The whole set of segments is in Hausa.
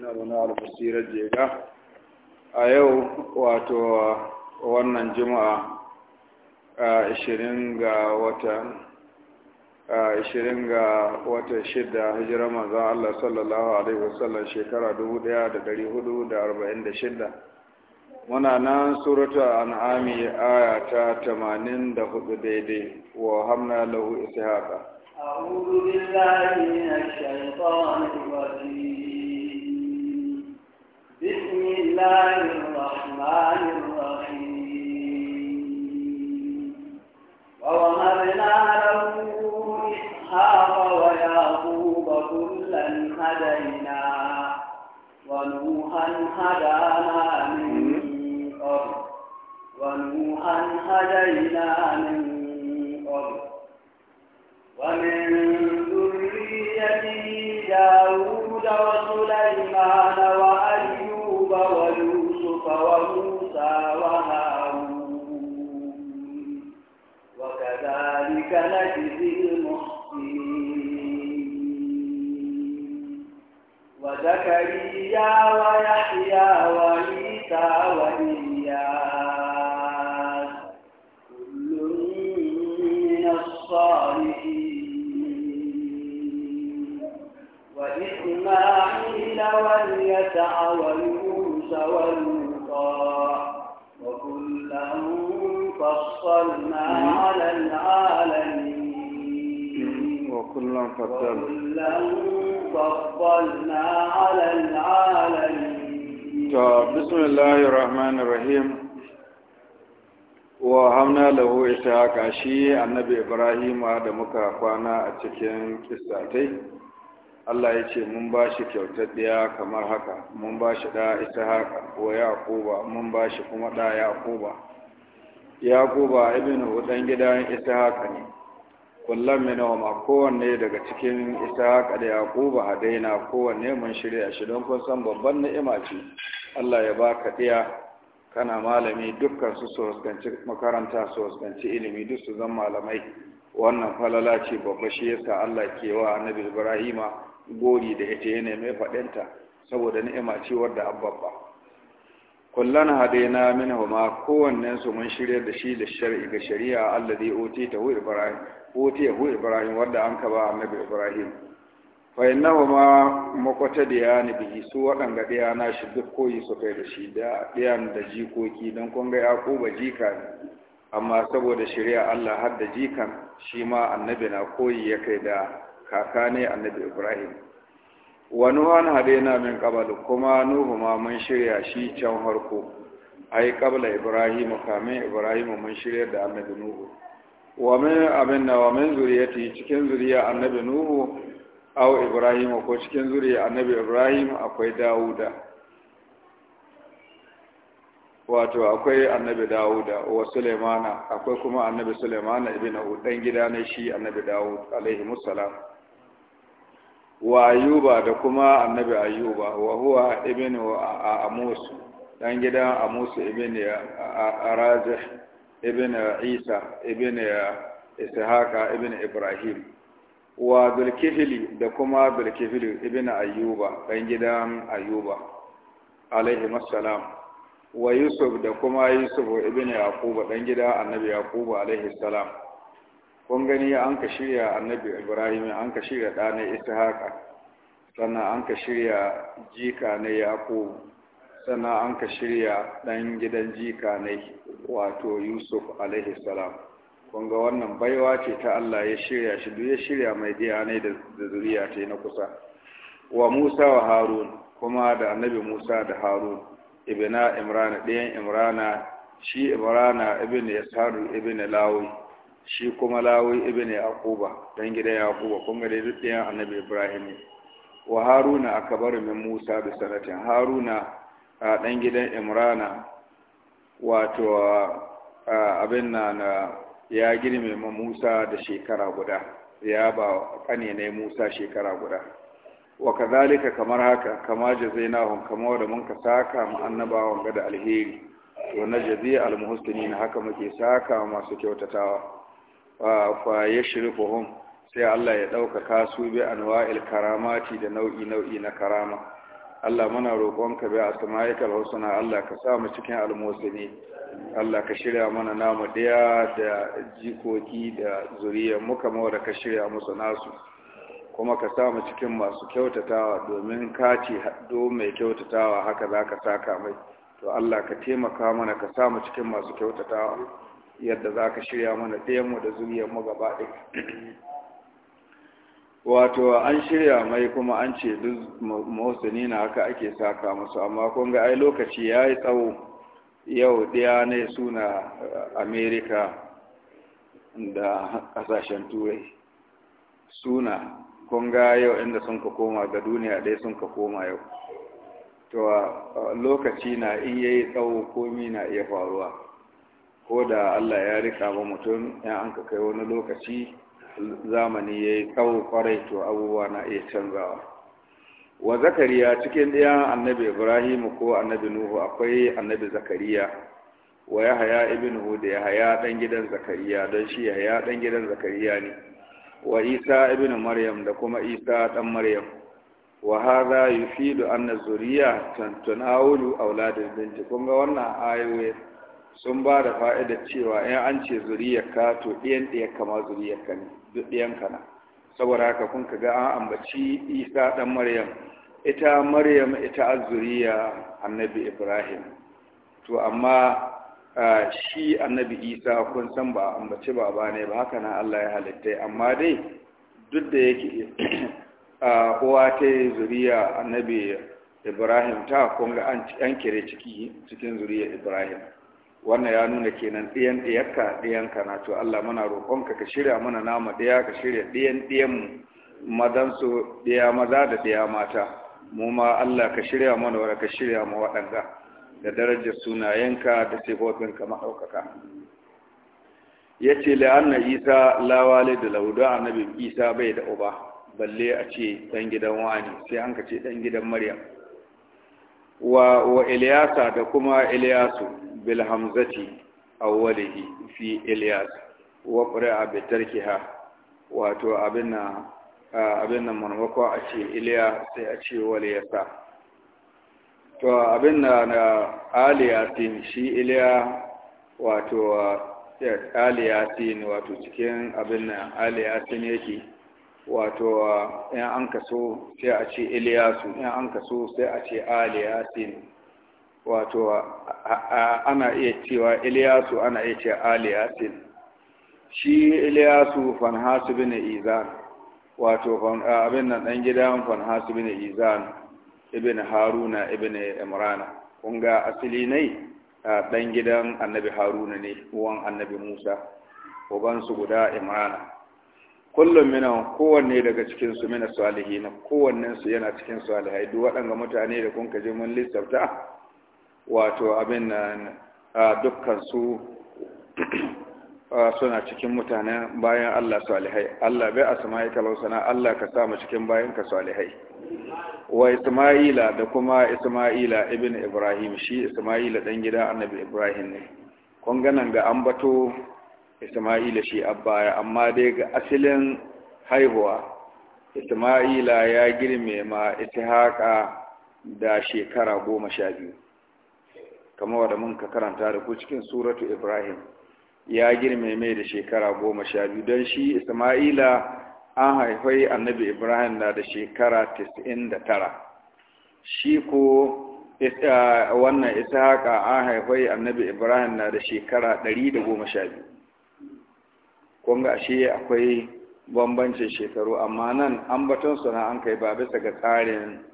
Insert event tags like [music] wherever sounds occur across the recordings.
na munawar basirar jega a yau wato wannan juma'a a 20 ga watan Ashirin ga watan shida hijirar manzan Allah sallallahu Alaihi wasallam shekara shida. muna nan surata an'ami aya ta tamanin da daidai wa hamna lahu ishaqa أعوذ بالله من الشيطان الرجيم بسم الله الرحمن الرحيم ووهبنا له إسحاق ويعقوب كلا هدينا ونوحا هدانا من قبل ونوحا هدينا من ومن ذريته داود وسليمان وأيوب ويوسف وموسى وهارون وكذلك نجزي المحسنين وزكريا ويحيى وعيسى وإبراهيم واليسع والموس والمطاع وكلا فصلنا على العالمين وكلا فضلنا وكلا فضلنا على العالمين بسم الله الرحمن الرحيم wa hamna lahu ita shi annabi ibrahima da muka kwana a cikin kistatai Allah ya ce mun ba shi kyautar ɗaya kamar haka mun ba shi ɗa ishaqa ko yaquba mun ba shi kuma ɗa yaquba yaquba ibn hudan gidan haka ne kullum ma kowanne daga cikin ishaqa da yaquba daina kowanne mun shirya shi don kun san babban ni'ima ce Allah ya baka ɗaya kana malami dukkan su su fuskanci makaranta su fuskanci ilimi duk su zan malamai wannan falala ce babba shi yasa Allah ke wa annabi Ibrahima gori da ita yana mai faɗinta saboda ni'ima ce wadda abbabba kullana hadaina minhu ma kowannen su mun shirya da shi da shar'i ga shari'a oti ta hu ibrahim oti hu ibrahim wanda an kaba annabi ibrahim fa innahu ma makwata da ya ni bihi su waɗanga ɗaya na shi duk koyi su kai da shi da ɗayan da jikoki dan kun ga yakuba jika amma saboda shari'a Allah har da jikan shi ma annabi na koyi ya kai da kaka ne annabi ibrahim wa nuhan hadaina min qabl kuma nuhu ma mun shirya shi can harko ai qabla ibrahim kamin ibrahim mun shirya da annabi nuhu wa min abinna wa min zuriyati cikin zuriya annabi nuhu aw ibrahim ko cikin zuriya annabi ibrahim akwai dauda wato akwai annabi dawuda wa sulaimana akwai kuma annabi sulaimana ibn hud dan gida ne shi annabi dawud alaihi musallam wa ayuba da kuma annabi ayuba. wa huwa ibn amus dan gidan amus ibn arazih ibn isa ibn ishaqa ibn ibrahim wa zulkifili da kuma zulkifili ibn ayuba dan gidan ayuba alaihi assalam wa yusuf da kuma yusuf ibn yaquba dan gidan annabi yaquba alaihi salam kun gani an ka shirya annabi ibrahim an ka shirya ɗanar ishaqa sannan an ka shirya jika na yaqub sannan an ka shirya ɗan gidan jika na wato yusuf alaihi salam kun ga wannan baiwa ce ta allah ya shirya shi duk ya shirya mai ne da zuriya ta na kusa wa musa wa harun kuma da annabi musa da harun ibna imrana ɗayan imrana shi imrana ibn yasaru ibn lawi shi kuma lawi ibn yaquba dan gidan yaquba kun kuma dai duk a annabi ibrahim wa haruna akbaru min musa bi sanatin haruna a dan gidan imrana wato abin na ya girme ma musa da shekara guda ya ba kane ne musa shekara guda wa kazalika kamar haka kama jazainahum kama da mun ka saka mu annabawan ga da alheri to na jazi al na haka muke saka masu kyautatawa fa ya shirfuhum sai Allah ya ɗaukaka su bi anwa'il karamati da nau'i nau'i na karama Allah muna roƙonka bi asma'ikal husna Allah ka sa mu cikin almusini Allah ka shirya mana namu daya da jikoki da zuriya mu da ka shirya musu nasu kuma ka sa mu cikin masu kyautatawa domin kaci haddo mai kyautatawa haka zaka saka mai to Allah ka taimaka mana ka sa mu cikin masu kyautatawa yadda za ka shirya mana ɗayanmu da zuriyarmu gaba ɗaya wato an shirya mai kuma an ce duk mawasani na haka ake saka musu amma kun ga ai lokaci ya yi tsawo yau ɗaya ne suna uh, amerika da ƙasashen turai suna kun ga yau inda sun ka koma ga duniya ɗaya sun ka koma yau to uh, lokaci na in yayi tsawo komi na iya faruwa ko da Allah ya rika ba mutum ya an ka kai wani lokaci zamani ya yi kawo kwarai to abubuwa na iya canzawa wa zakariya cikin ɗaya annabi ibrahim ko annabi nuhu akwai annabi zakariya wa yahaya ibn ya haya ɗan gidan zakariya don shi ya haya ɗan gidan zakariya ne wa isa ibn maryam da kuma isa ɗan maryam wa hadha yufidu anna zuriya tanawulu auladul binti kun ga wannan ayoyi sun ba da fa'ida cewa in an ce zuriyarka to ɗiyan ɗaya kama zuriyarka ne duk ɗiyanka na saboda haka kun ka ga an ambaci isa ɗan maryam ita maryam ita azuriya annabi ibrahim to amma shi annabi isa kun san ba ambaci ba ne ba haka nan allah ya halittai. amma dai duk da yake [clears throat] uwa ta zuriya annabi ibrahim ta kunga an kire ciki cikin zuriya ibrahim wannan ya nuna kenan ɗiyan ɗiyarka ɗiyanka na to Allah muna roƙonka ka shirya mana nama ɗaya ka shirya ɗiyan ɗiyanmu su ɗiya maza da ɗiya mata mu ma Allah ka shirya mana wani ka shirya mu waɗanda da darajar sunayenka da sifofinka maɗaukaka ya ce la'anna isa lawale da laudu annabi isa bai da uba balle a ce ɗan gidan wani sai an ka ce ɗan gidan maryam wa wa Ilyasa da kuma Ilyasu bil hamzati awwalihi fi Ilyas wa qira'a bi tarkiha wato abin na abin nan manwako a ce Ilya sai a ce waliyasa to abin na aliyatin shi Ilya wato eh, aliyatin wato cikin abin nan aliyatin yake wato in an kaso sai a ce iliyasu in an kaso sai a ce aliyasin wato ana iya cewa iliyasu ana iya ce aliyasin shi iliyasu fanhasu bin izan wato abin nan ɗan gidan fanhasu bin izan ibn haruna ibn imrana kun ga asali ne ɗan gidan annabi haruna ne uwan annabi musa ubansu guda imrana kullum mina kowanne daga cikin su mina salihin kowannen su yana cikin salihai duk waɗanda mutane da kun kaje mun lissafta wato abin nan dukkan su suna cikin mutane bayan Allah salihai Allah bai asma'i kalau sana Allah ka sa mu cikin bayan ka salihai wa Isma'ila da kuma Isma'ila ibn Ibrahim shi Isma'ila dan gida Annabi Ibrahim ne kun ga nan ga ambato isma'ila shi abbaya amma dai ga asalin haihuwa isma'ila ya girme ma ishaqa da shekara goma sha biyu kamar wadda mun ka karanta da ku cikin suratu ibrahim ya girme mai da shekara goma sha biyu don shi isma'ila an haifai annabi ibrahim na da shekara tara. shi ko wannan ishaqa an haifai annabi ibrahim na da shekara biyu. Kunga ga ashe akwai bambancin shekaru amma nan ambaton suna an kai ba bisa ga tsarin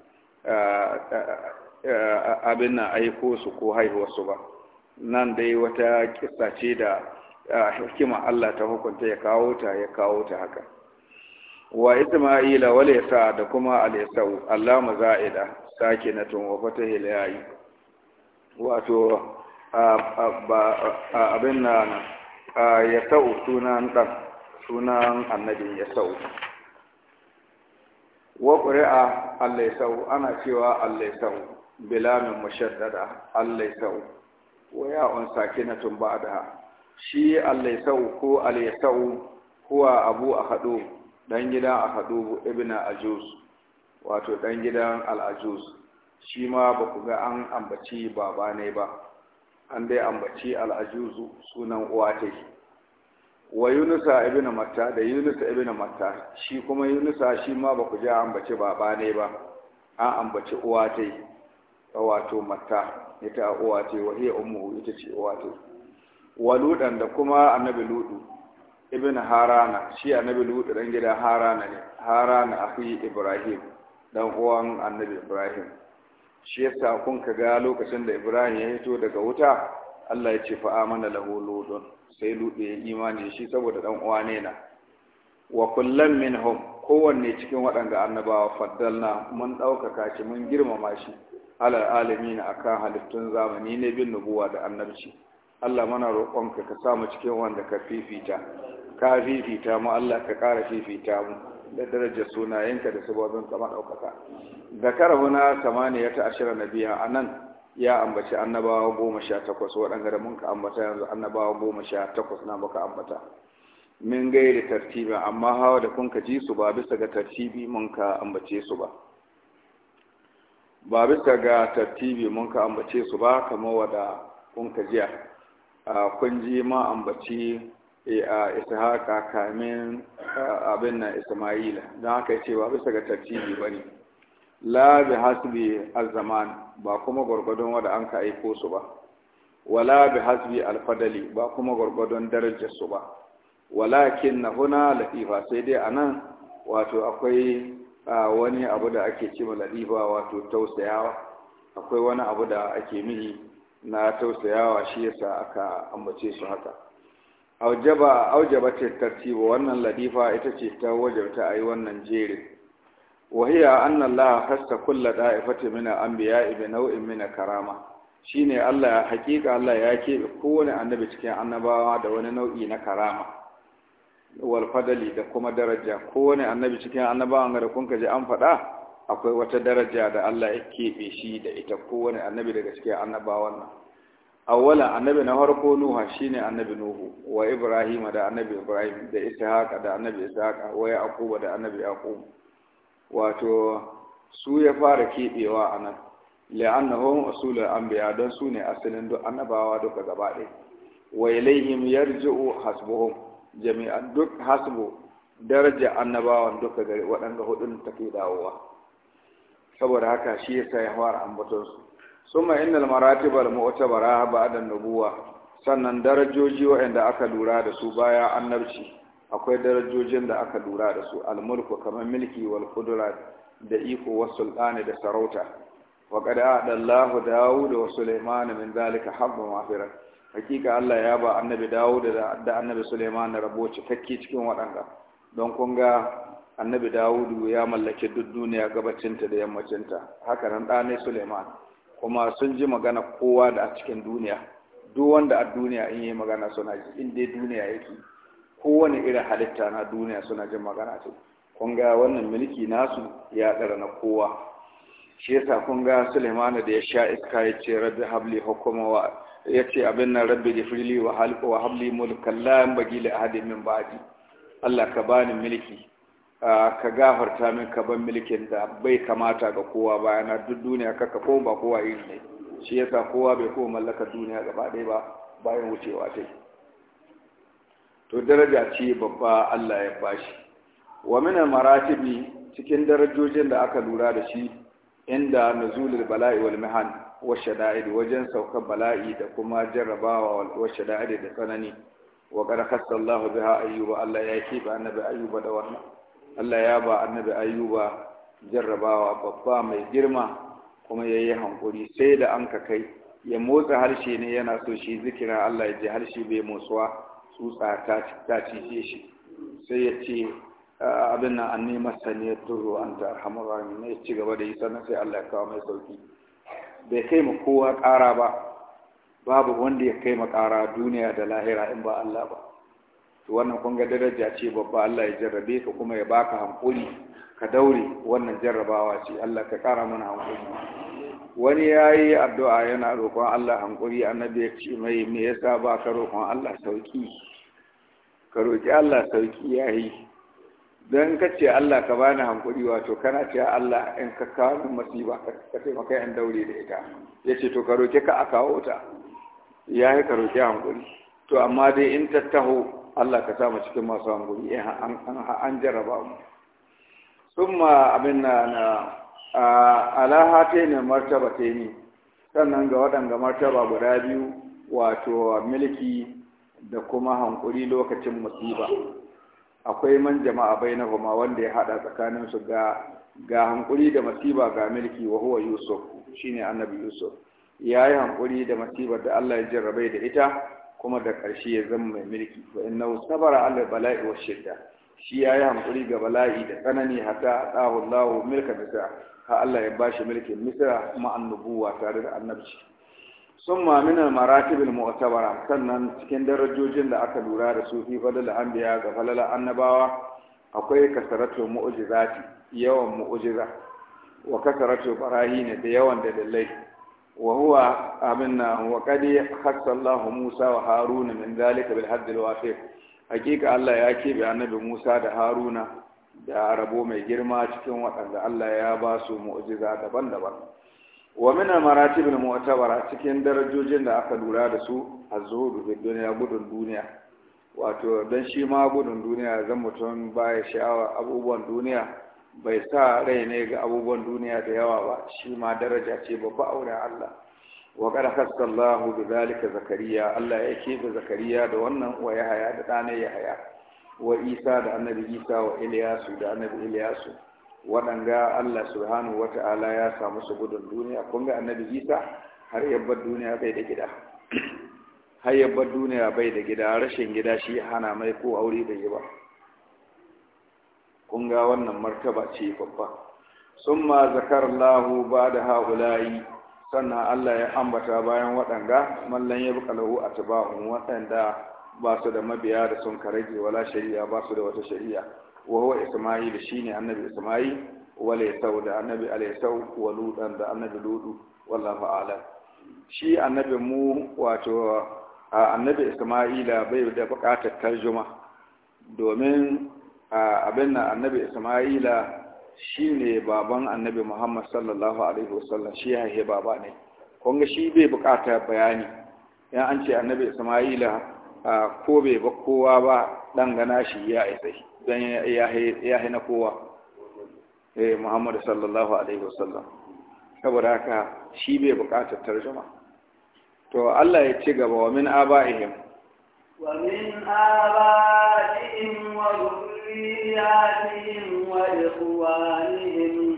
abin na aiko su ko haihuwarsu ba nan dai wata kisa ce da hikima Allah ta hukunta ya kawo ta ya kawo ta haka wa isma'ila wal yasa da kuma al yasau Allah mazaida sakinatun wa fatahil yayi wato abin nan ya sa'u sunan ɗan sunan annabi ya sa'u wa ƙuri'a allai sa'u ana cewa allai sa'u bilamin mushaddada allai sa'u wa ya'un sakinatun ba'da shi allai sa'u ko allai sa'u huwa abu a haɗu ɗan gidan a haɗu ibina ajuz wato ɗan gidan al'ajuz shi ma ba ku ga an ambaci baba ne ba an dai ambaci al'ajuzu sunan uwa ta yi wa yunusa ibn matta da yunusa ibn matta shi kuma yunusa shi ma ba ku ji ambaci baba ne ba an ambaci uwa ta yi wato matta ita uwa ce wa hiya ummu ita ce uwa ce wa ludan da kuma annabi ludu ibn harana shi annabi ludu dan gidan harana ne harana akhi ibrahim dan uwan annabi ibrahim shi yasa kun ka ga lokacin da Ibrahim ya hito daga wuta Allah ya ce fa amana lahu ludun sai lude ya imani shi saboda dan uwa ne na wa kullam minhum kowanne cikin waɗanda annabawa faddalna mun ɗaukaka shi mun girmama shi alal alamin akan halittun zamani ne bin nubuwa da annabci Allah mana roƙonka ka samu cikin wanda ka fifita ka fifita mu Allah ka ƙara fifita mu da darajar sunayenka da sababin kama ɗaukaka zakara huna samaniya ta ashirin na biya a nan ya ambaci annabawa goma sha takwas waɗanda da mun ka ambata yanzu annabawa goma sha takwas na muka ambata min gai da tartibin amma hawa da kun ka ji su ba bisa ga tartibi mun ka ambace su ba ba bisa ga tartibi mun ka ambace su ba kamar wada kun ka jiya kun ji ma ambaci a ishaqa kamin abin nan isma'ila don haka ce ba bisa ga tartibi bane la bi hasbi alzaman ba kuma gwargwadon wadda an ka aiko su ba wala bi hasbi alfadali ba kuma gwargwadon darajar su ba walakin na huna latifa sai dai anan wato akwai wani abu da ake ce ma latifa wato tausayawa akwai wani abu da ake mihi na tausayawa shi yasa aka ambace su haka aujaba aujaba ce tartibu wannan ladifa ita ce ta wajabta ta yi wannan jerin wahiya anna allah hasta kulla da'ifati min al-anbiya ibn nau'in min karama shine Allah hakika Allah ya keɓe kowane annabi cikin annabawa da wani nau'i na karama wal fadali da kuma daraja kowane annabi cikin annabawan da kun ji an faɗa akwai wata daraja da Allah ya keɓe shi da ita kowane annabi daga cikin annabawan nan awwala annabi na farko nuha shine annabi nuhu wa ibrahim da annabi ibrahim da ishaqa da annabi ishaqa wa yaqub da annabi yaqub wato su ya fara kebewa anan li'annahum usulul anbiya don su ne asalin duk annabawa duka gaba dai wa ilaihim yarji'u hasbuhum jami'an duk hasbu daraja annabawan duka gari waɗanda hudun take dawowa saboda haka shi yasa ya fara ambaton su summa innal maratib al mu'tabara ba'da nubuwa sannan darajoji waɗanda aka lura da su baya annabci akwai darajojin da aka lura da su al mulku kamar milki wal qudrat da iko wa sultani da sarauta wa qad adallahu daud wa sulaiman min zalika habban mafira hakika Allah ya ba annabi daud da annabi Suleiman na rabo cikakke cikin waɗanda don kun ga annabi Dawudu ya mallaki duk duniya gabacinta da yammacinta haka nan ɗanai Suleiman kuma sun ji magana kowa da a cikin duniya duk wanda a duniya in yi magana suna ji in dai duniya yake kowane irin halitta na duniya suna jin magana ce kun ga wannan mulki nasu ya tsara na kowa shi yasa kun ga Sulaiman da ya sha iska ya ce rabbi habli hukuma wa ya ce abin nan rabbi gifrili wa wa habli mulkan la yanbaghi li ahadin min ba'di Allah ka bani mulki ka gafarta min ka ban milkin da bai kamata ga kowa bayana duk duniya kaka ko ba kowa yin ne shi yasa kowa bai kuma mallaka duniya gaba ɗaya ba bayan wucewa ta to daraja ce babba Allah ya bashi wa min maratibi cikin darajojin da aka lura da shi inda nuzulul bala'i wal mihan wa shada'id wajen saukar bala'i da kuma jarrabawa wa shada'id da tsanani wa qad khassallahu Allahu biha ayyuba Allah ya kiba annabi ayyuba da wannan Allah ya ba annabi ayyuba jarrabawa babba mai girma kuma ya yi hankuri sai da an ka kai ya motsa harshe ne yana so shi zikira Allah ya ji harshe bai motsuwa tsutsa ta cije shi sai ya ce abin nan an nema saniyar turu an ta arhamar ne ya ci gaba da yi sannan sai Allah ya kawo mai sauki bai kai ma kowa ƙara ba babu wanda ya kai ma ƙara duniya da lahira in ba Allah ba to wannan kun ga daraja ce babba Allah ya jarrabe ka kuma ya baka hankuri ka daure wannan jarrabawa ce Allah ka kara mana hankuri wani yayi addu'a yana roƙon Allah hankuri annabi ya ce mai me yasa ba ka roƙon Allah sauki ka roƙi Allah sauki yayi dan ka ce Allah ka bani hankuri wato kana ce Allah in ka kawo masiba ka taimaka in daure da ita yace to ka roƙe ka a kawo ta yayi ka roƙi hankuri to amma dai in tattaho Allah ka sa mu cikin masu hankali eh, an jaraba mu summa abin na na alahate ne martaba te ni sannan ga waɗanga martaba guda biyu wato milki da kuma hankuri lokacin musiba akwai man jama'a kuma wanda ya hada tsakanin su ga ga hankuri da masiba ga mulki wa huwa yusuf shine annabi yusuf yayi hankuri da masibar da Allah ya jarrabe da ita kuma da ƙarshe ya zama mai mulki wa innahu sabara ala bala'i wa shidda shi yi hankuri ga bala'i da tsanani hatta atahu Allahu milka bisa ha Allah ya bashi mulkin misra kuma annubuwa tare da annabci Sun min maratibin maratib mutabara sannan cikin darajojin da aka lura da su fi an biya ga falala annabawa akwai kasaratu mu'jizati yawan mu'jiza wa kasaratu barahin da yawan dalilai وهو huwa وقد wa الله موسى Musa wa Haruna min zalika bil الله al hakika Allah ya kebe annabi Musa da Haruna da rabo mai girma cikin waɗanda Allah ya ba su mu'jiza daban-daban wa min al maratib al mu'tabara cikin darajojin da aka lura da su az-zuhudu dunya gudun duniya wato dan shi ma gudun duniya zan mutum baya sha'awa abubuwan duniya bai sa rai ne ga abubuwan duniya da yawa ba shi ma daraja ce babba a wurin Allah wa kada hasallahu bi zalika zakariya Allah ya kefe zakariya da wannan wa haya da ya yahaya wa isa da annabi isa wa iliyasu da annabi iliyasu waɗanga Allah subhanahu wa ta'ala ya samu su gudun duniya kun ga annabi isa har yabbar duniya bai da gida har yabbar duniya bai da gida rashin gida shi hana mai ko aure da yi ba kun ga wannan martaba ce babba summa zakarallahu ba'da haula'i sannan Allah ya ambata bayan waɗanga mallan ya buka lahu atba'un waɗanda ba su da mabiya da sun karage wala shari'a ba su da wata shari'a wa huwa isma'il shine annabi isma'il wala yasau da annabi alaysau wa ludan da annabi ludu wallahu a'lam shi annabi mu wato annabi isma'ila bai da buƙatar tarjuma domin abin nan annabi isma'ila shine baban annabi muhammad sallallahu alaihi wasallam shi haihe baba ne kun ga shi bai bukata bayani Yan an ce annabi isma'ila ko bai ba kowa ba dan gana shi ya isa dan ya haihe na kowa eh muhammad sallallahu alaihi wasallam saboda haka shi bai bukatar tarjuma to Allah ya ci gaba wa min aba'ihim wa min aba'ihim wa ذرياتهم وإخوانهم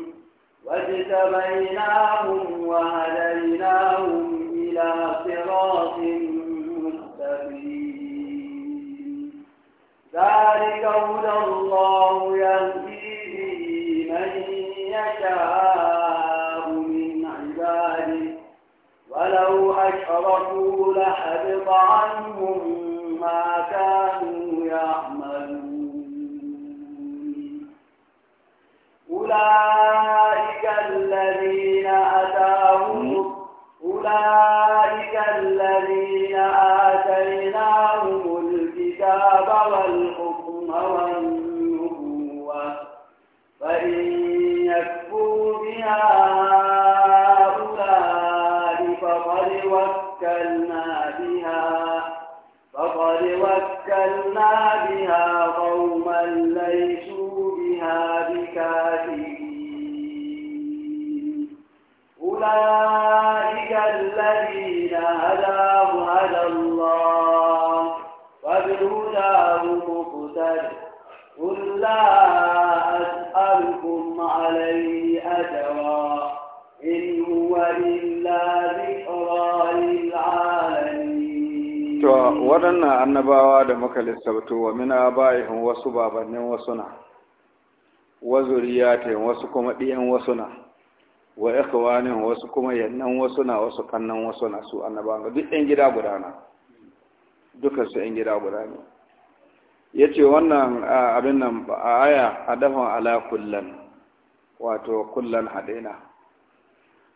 واجتبيناهم وهديناهم إلى صراط مستقيم ذلك هدى الله يهدي به من يشاء من عباده ولو أشركوا لحبط عنهم ما كانوا يعملون أولئك الذين أتاهم أولئك الذين آتينا لا أسألكم عليه أجرا إن هو إلا ذكرى للعالمين to waɗannan annabawa da muka ومن wa min وصنع wasu babannin wasu وصنع wa zuriyatin wasu kuma ɗiyan wa ikhwanin wasu kuma yannan wasu na wasu kannan wasu na su annabawa duk ɗan gida guda na su ɗan gida guda ne ya ce wannan abin nan a aya adafan ala kullan wato kullan hadina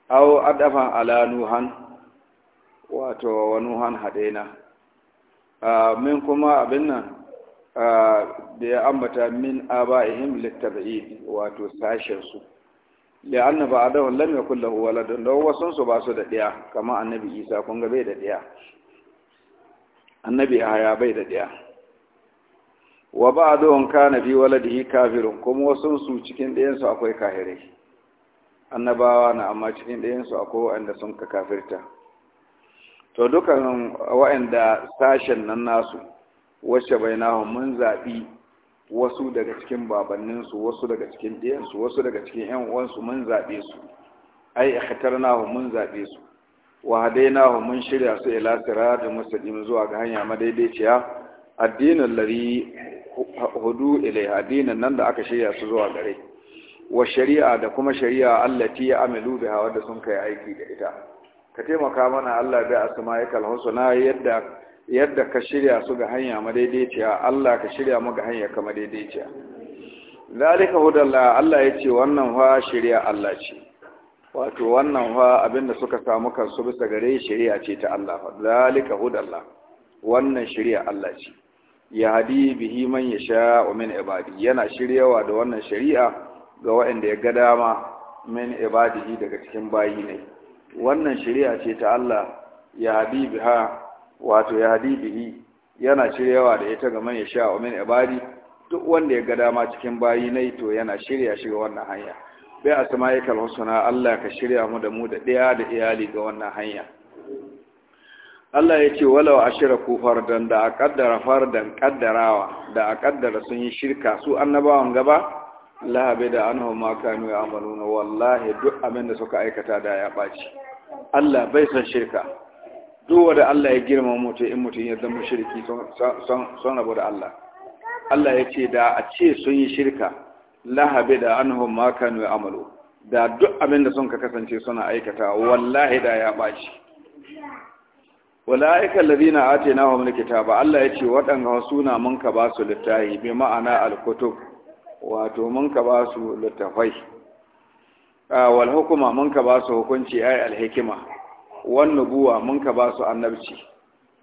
au adafan ala nuhan wato wa nuhan A min kuma abin nan da ya ambata min aba'ihim littabi'id wato sashen su li'anna ba'dahu lam yakul lahu waladun law wasan su ba su da ɗaya, kama annabi Isa kun ga bai da ɗaya. annabi Yahaya bai da ɗaya. wa ba'dhum kana fi waladihi kafirun kuma wasun su cikin ɗayan su akwai kafirai annabawa na amma cikin ɗayan su akwai wanda sun ka kafirta to dukan wa'anda sashen nan nasu wacce bainahum mun zabi wasu daga cikin babanninsu wasu daga cikin ɗiyansu wasu daga cikin ‘yan uwansu mun zaɓe su ai ikhtarnahu mun zaɓe su wa hadainahu mun shirya su ila siratul mustaqim zuwa ga hanya madaidaiciya addinin lari hudu ilaiha addinin nan da aka shirya su zuwa gare wa shari'a da kuma shari'a allati ya amilu biha wanda sun kai aiki da ita ka taimaka mana Allah bi asma'ikal husna yadda yadda ka shirya su ga hanya madaidaiciya Allah ka shirya mu ga hanya ka madaidaiciya zalika hudalla Allah ya ce wannan fa shari'a Allah ce wato wannan fa abinda suka samu kansu bisa gare shari'a ce ta Allah fa zalika hudalla wannan shari'a Allah ce ya hadi bihi man yasha wa min ibadi yana shiryawa da wannan shari'a ga waɗanda ya ga dama min ibadihi daga cikin bayi ne wannan shari'a ce ta Allah ya hadi biha wato ya hadi bihi yana shiryawa da ita ga man yasha wa min ibadi duk wanda ya ga dama cikin bayi ne to yana shirya shi ga wannan hanya bai asma'ikal husna Allah ka shirya mu da mu da ɗaya da iyali ga wannan hanya Allah ya ce walau ashira ku fardan da a kaddara fardan kaddarawa da a kaddara sun yi shirka su annabawan gaba lahabe da anhum ma kanu ya'maluna wallahi duk abin da suka aikata da ya baci Allah bai san shirka duk wanda Allah ya girma mutum in mutum ya zama shirki son rabu da Allah Allah ya ce da a ce sun yi shirka lahabe da anhum ma kanu ya'malu da duk abin da sun ka kasance suna aikata wallahi da ya baci ulaika alladhina atainahum alkitaba Allah yace waɗanga suna mun ka ba su littafi bi ma'ana alkutub wato mun ka ba su littafai wal hukuma mun ka ba su hukunci ay alhikima wan nubuwa mun ka ba su annabci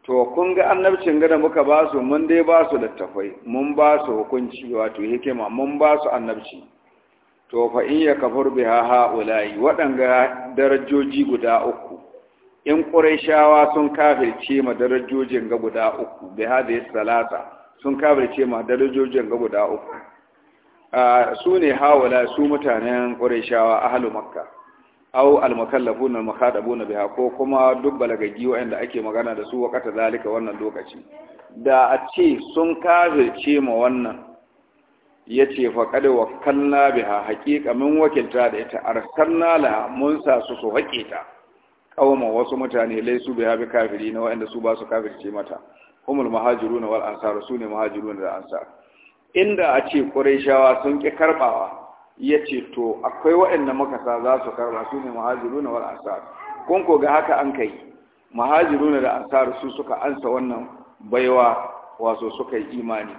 to kun ga annabcin gada muka ba su mun dai ba su littafai mun ba su hukunci wato hikima mun ba su annabci to fa in ya kafur biha ha'ula'i waɗanga darajoji guda uku in ƙurayshawa sun kafirce ma darajojin ga guda uku bi hadhihi salata sun kafirce ma darajojin ga guda uku su ne hawala su mutanen ƙurayshawa ahlu makka aw almakallafun almukhadabuna biha ko kuma duk balagaggi wanda ake magana da su wakata zalika wannan lokaci da a ce sun kafirce ma wannan yace fa qad wakkalna biha haqiqa min wakilta da ita arsalna la mun sa su su ta. kawoma wasu mutane laisu bai bi kafiri na waɗanda su ba su kafirce mata humul mahajiru na wal ansar su ne mahajiru da ansar inda a ce ƙurayshawa sun ƙi karɓawa ya ce to akwai waɗanda makasa za su karɓa su ne mahajiru na wal ansar kun ko ga haka an kai mahajiru da ansar su suka ansa wannan baiwa wato suka yi imani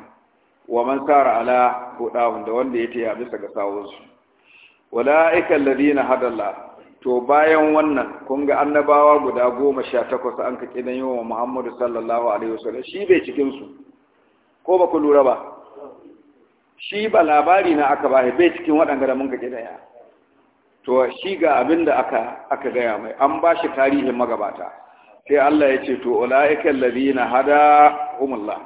wa man sara ala hudahun da wanda ya taya bisa ga sawunsu ulaika alladhina hadalla to bayan wannan kun ga annabawa guda goma sha takwas an ka kidan yi wa muhammadu sallallahu alaihi wasallam shi bai cikinsu ko ba ku lura ba shi ba labari na aka ba bai cikin waɗanda da mun ka ya to shi ga abin da aka aka gaya mai an ba shi tarihin magabata sai Allah ya ce to ula'ikan ladina hada humullah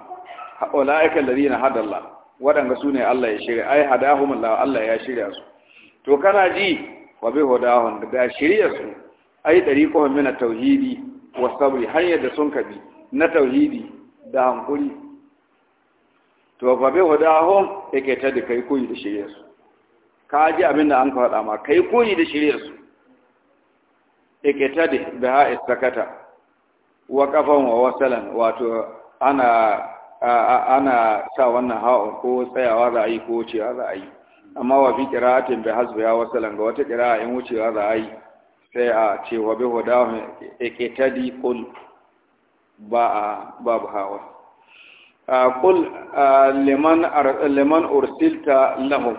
ula'ikan ladina hada Allah waɗanda su ne Allah ya shirya ai hada humullah Allah ya shirya su to kana ji wa bi hudahun da shirya su ai kuma min tauhidi wa sabri hanyar da sun kabi na tauhidi da hankuri to fa bi hudahun yake ta da kai koyi da shirya su ka ji abin da an ka faɗa ma kai koyi da shirya su yake ta da biha istakata wa kafan wa wasalan wato ana ana sa wannan hawa ko tsayawa za a yi ko wucewa za a yi amma wa fi qira'atin bai hasbi ya wasalan ga wata a in wucewa za a yi sai a ce wa bi ake tadi kul ba a babu hawa kul liman liman ursilta lahum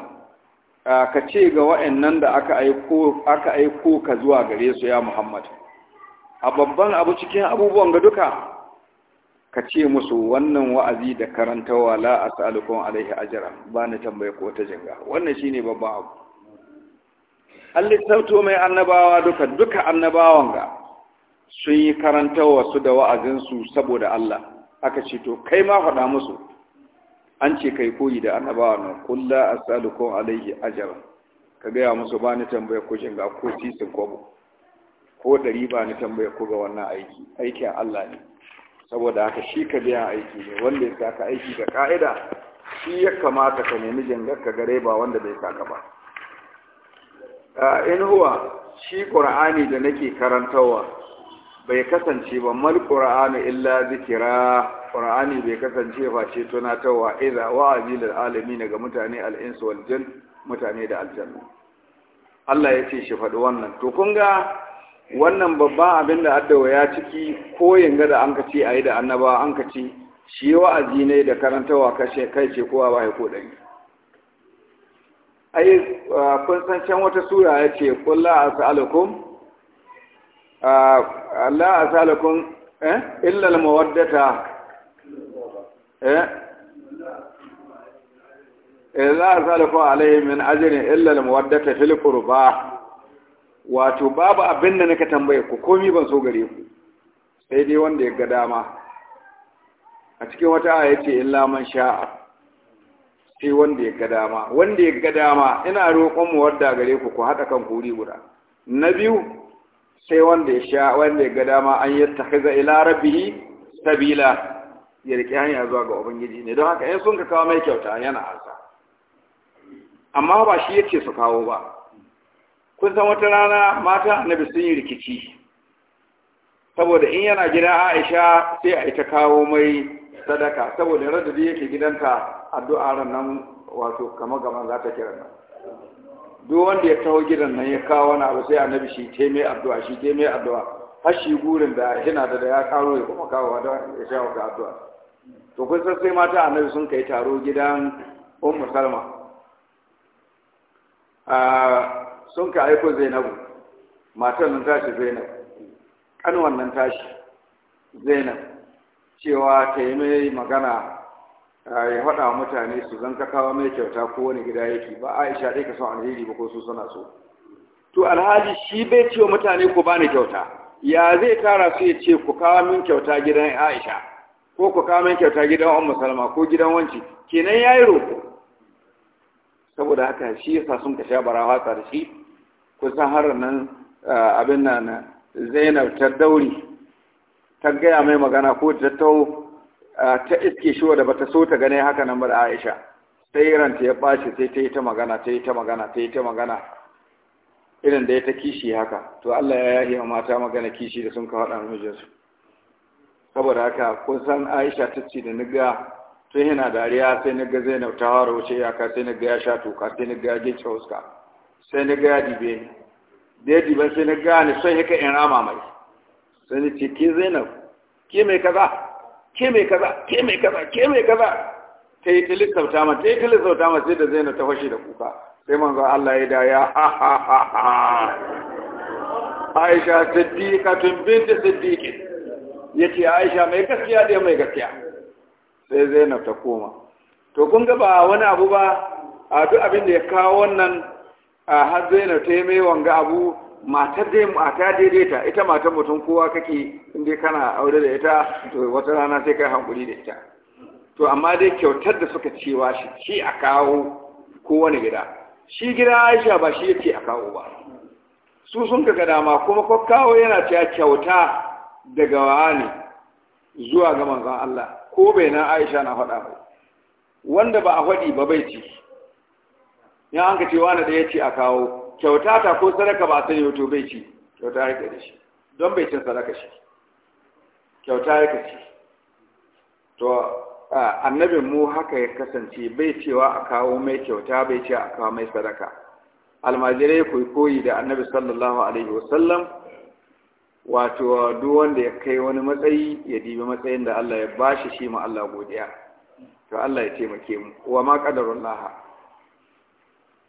ka ce ga wa'annan da aka aiko aka aiko ka zuwa gare su ya Muhammad a babban abu cikin abubuwan ga duka ka ce musu wannan wa'azi da karantawa la a sa'alukun alaihi ajira ba na tambaye ko ta jinga wannan shi ne babban abu an lissauto mai annabawa duka duka annabawan ga sun yi karantawa su da wa'azinsu saboda Allah aka ce to kai ma faɗa musu an ce kai koyi da annabawa nan kun a sa'alukun alaihi ajira ka gaya musu ba na tambaye ko jinga ko sisin kwabo ko ɗari ba na tambaye ko ga wannan aiki aikin Allah ne saboda haka shi ka biya aiki ne wanda ya saka aiki ga ka'ida shi ya kamata ka nemi jangar ka gare ba wanda bai saka ba in huwa shi qur'ani da nake karantawa bai kasance ba mal qur'anu illa zikira qur'ani bai kasance ba ce tunatarwa idza wa'azi da alami ga mutane al insu mutane da aljanna Allah ya ce shi faɗi wannan to kun ga wannan babban abin da addawa ya ciki yanga da an ka ce a yi da annaba an ka ce shi wa'azi ne da karantawa kai ce kowa ba ya ko ɗari ai kun san can wata sura ya ce kun as'alukum la as'alukum eh mawaddata eh, eh la as'alukum min ajrin illa mawaddata fil qurba wato babu abin da naka tambaye ku komi ban so gare ku sai dai wanda ya ga dama a cikin wata aya yace illa man sha'a sai wanda ya ga dama wanda ya ga dama ina roƙon mu wadda gare ku ku haɗa kan kuri guda na biyu sai wanda ya sha wanda ya ga dama an yattakhiza ila rabbihi sabila ya rike hanya zuwa ga ubangiji ne don haka in sun ka kawo mai kyauta yana asa amma ba shi yace su kawo ba kun san wata rana mata annabi sun yi rikici saboda in yana gida aisha sai a ita kawo mai sadaka saboda radadi yake gidanta addu'a ran nan wato kama gama za ta kira nan duk wanda ya taho gidan nan ya kawo wani abu sai annabi shi te mai addu'a shi te mai addu'a har shi gurin da yana da ya karo ya kuma kawo da ya sha wata addu'a to kun san sai mata annabi sun kai taro gidan ummu salma ah, sun ka aiko zainabu matan nan tashi zainab kan wannan tashi zainab cewa ta yi mai magana ya faɗa wa mutane su zan ka kawo mai kyauta ko wani gida yake ba aisha dai ka son alheri ba ko su suna so to alhaji shi bai ce wa mutane ku bani kyauta ya zai tara su ya ce ku kawo min kyauta gidan aisha ko ku kawo min kyauta gidan ummu salma ko gidan wanci kenan yayi roƙo. saboda haka shi yasa sun ka sha da shi. kusan har nan abin na zainab ta dauri ta gaya mai magana ko ta tau ta iske shi wadda bata so ta gane haka nan ba aisha sai ranta ya ɓaci sai ta yi ta magana ta yi ta magana ta yi ta magana irin da ya ta kishi haka to Allah ya yi mata magana kishi da sun ka faɗa mijinsu saboda haka kun san aisha ta ce da niga sai yana dariya sai niga zainab ta fara wuce ka, sai niga ya sha toka sai niga ya gince huska sai na gaya dibe ni da ya dibe sai na gaya ni son yaka in rama mai sai na ce ke zainab ke mai kaza ke mai kaza ke mai kaza ke mai kaza ta yi ta lissauta ma ta yi ta lissauta ma sai da zainab ta fashe da kuka sai manzo Allah ya da ya ha ha ha ha aisha siddiqatun binti siddiqin yace aisha mai gaskiya da mai gaskiya sai zainab ta koma to kun ga ba wani abu ba a duk abin da ya kawo wannan a har zainab ta yi mai wanga abu matar dai mata daidaita ita matar mutum kowa kake inda kana aure da ita to wata rana sai kai hankuli da ita to amma dai kyautar da suka cewa shi shi a kawo kowane gida shi gida aisha ba shi yake a kawo ba su sun ga dama kuma ko kawo yana cewa kyauta daga wani zuwa ga manzon Allah ko bai na aisha na faɗa ba wanda ba a faɗi ba bai ci Ya an ka ce wani ya ce a kawo kyauta ta ko sadaka ba sani wato bai ci kyauta ya ka shi don bai cin sadaka shi kyauta ya ci to annabin mu haka ya kasance bai cewa a kawo mai kyauta bai ce a kawo mai sadaka almajirai ku koyi da annabi sallallahu alaihi wasallam wato duk wanda ya kai wani matsayi ya dibi matsayin da Allah ya bashi shi ma Allah godiya to Allah ya taimake mu wa ma qadarullah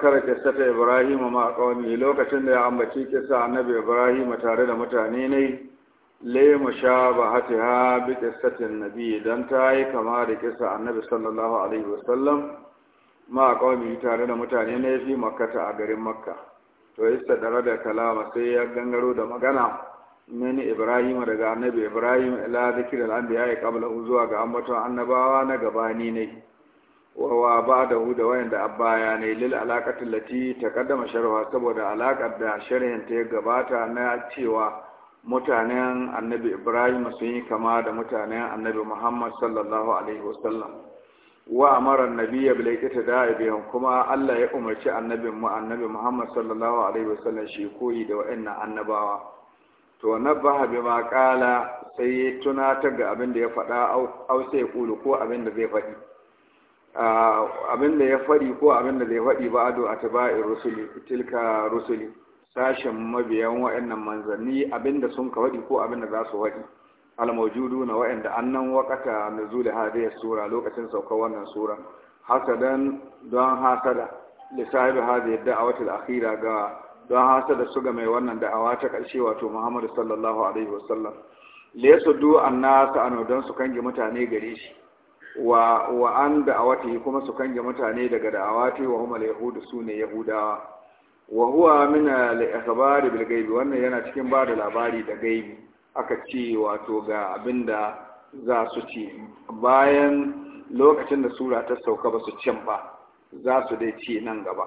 zakara kisata Ibrahim ma qawmi lokacin da ya ambaci kisa annabi Ibrahim tare da mutane ne le mushabahatiha bi kisatin nabi dan ta yi kama da kisa annabi sallallahu alaihi wasallam ma qawmi tare da mutane ne fi makkata a garin makka to istadara da kalama sai ya gangaro da magana min Ibrahim daga annabi Ibrahim ila zikr al-anbiya qabla uzuwa ga ambaton annabawa na gabani ne wa ba da hu da abba ya ne lil alaqatil lati taqaddama sharha saboda alaqar da sharhin ta ya gabata na cewa mutanen annabi Ibrahim sun yi kama da mutanen annabi Muhammad sallallahu alaihi wasallam wa amara annabiyya bil da'i bihim kuma Allah ya umarci annabin mu annabi Muhammad sallallahu alaihi wasallam shi koyi da wayannan annabawa to nabaha ma kala sai tunatar ga abin da ya faɗa au sai kulu ko abin da zai faɗi abin da ya faɗi ko abin da zai faɗi ba ado a taba'i rusuli tilka rusuli sashen mabiyan waɗannan manzanni abin da sun ka faɗi ko abin da za su faɗi almaujudu na waɗanda annan wakata nuzuli hadiya sura lokacin saukar wannan sura hasadan don hasada da sahibi hadiya da'awatul akhira ga don hasada su ga mai wannan da'awa ta ƙarshe wato Muhammadu sallallahu alaihi wasallam lesu du annasa ano don su kange mutane gare shi wa wa an da'awati kuma su kange mutane daga da'awati wa huma yahudu sune yahudawa wa huwa min al-ikhbar bil ghaib wannan yana cikin ba da labari da gaibi aka ce wato ga abinda za su ci bayan lokacin da sura ta sauka ba su cin ba za su dai ci nan gaba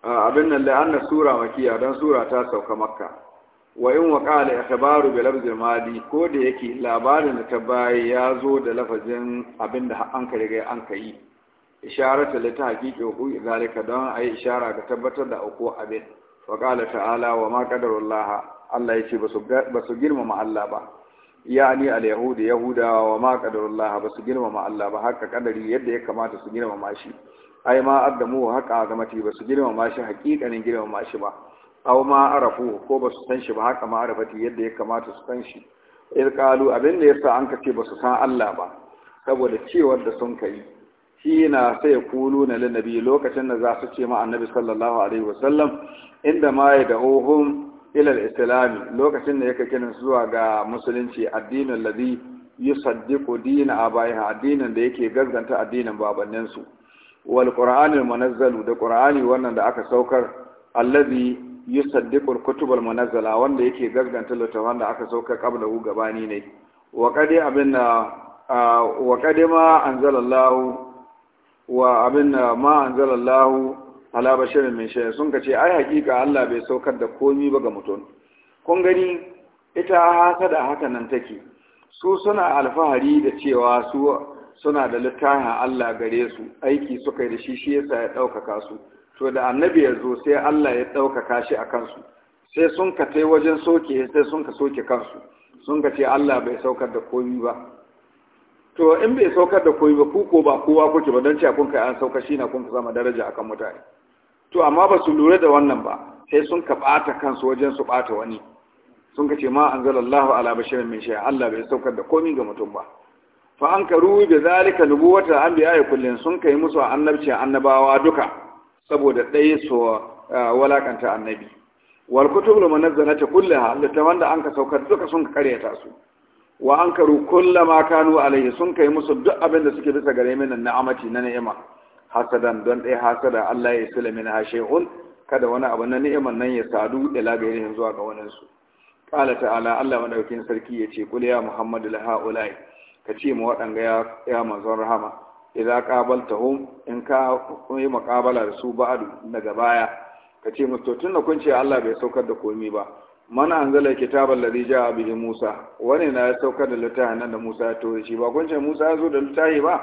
abin nan la'anna sura makiya don sura ta sauka makka wa in waƙa da ikhbaru bi lafzil madi ko da yake labarin da ta baya ya zo da lafazin abin da an ka riga an ka yi ta li tahqiqi wa zalika don ayi ishara ga tabbatar da uku abin wa qala ta'ala wa ma qadarullah Allah yace ba su girmama Allah ba yani al yahudi yahudawa wa ma Allah ba su girmama Allah ba haka kadari yadda ya kamata su girmama shi ai ma addamu haka ga mati ba su girmama shi hakikanin girmama shi ba aw ma arafu ko ba su san shi ba haka ma'arifati yadda ya kamata su san shi ir qalu abin da yasa an kace ba su san Allah ba saboda cewar da sun kai shi na sai kulu na nabi lokacin da za su ce ma annabi sallallahu alaihi wasallam inda ma ya dahuhum ila al-islam lokacin da yake kiran zuwa ga musulunci addinin ladhi yusaddiqu din abaiha addinin da yake gaskanta addinin babanninsu wal qur'anil munazzalu da qur'ani wannan da aka saukar allazi yusaddiqul kutubal munazzala wanda yake gaskanta littafan da aka sauka qablahu gabani ne wa qad abinna ah, ah, wa ma anzalallahu wa abinna ah, ma anzalallahu ala basharin min shay sun kace ai hakika Allah bai saukar da komi ba ga mutum kun gani ita da haka nan take su suna alfahari da cewa su suna da littafin Allah gare su aiki suka yi da shi shi yasa ya ɗaukaka su to da annabi ya zo sai Allah ya ɗaukaka shi a kansu sai sun ka tai wajen soke sai sun ka soke kansu sun ka ce Allah bai saukar da komi ba to in bai saukar da komi ba ku ko ba kowa kuke ba don cewa kun kai an sauka shi na kun ka zama daraja akan mutane to amma ba su lura da wannan ba sai sun ka ɓata kansu wajen su ɓata wani sun ka ce ma anzalallahu ala bashirin min shay'a Allah bai saukar da komi ga mutum ba fa an karu bi zalika nubuwata anbiya'i kullin sun kai musu annabci annabawa duka saboda ɗaya su eh, walakanta annabi wal kutubul munazzalati kullaha wanda da ka saukar duka sun ka karyata su wa ankaru kullama kanu alaihi sun kai musu duk abin da suke bisa gare min na'amati na ni'ima hasadan don ɗaya hasada Allah ya sula min kada wani abu na ni'iman nan ya sadu da gairihin zuwa ga wani su qala ta'ala Allah madaukin sarki yace kul ya muhammadu la ka kace ma waɗanga ya ya manzon rahama idza qabaltahum in ka yi muqabala da su ba'du daga baya kace ce to tun da kun ce Allah bai saukar da komai ba mana anzala kitabal ladhi ja'a bihi Musa wani na ya saukar da littafin nan da Musa ya tore shi ba kun ce Musa ya zo da littafi ba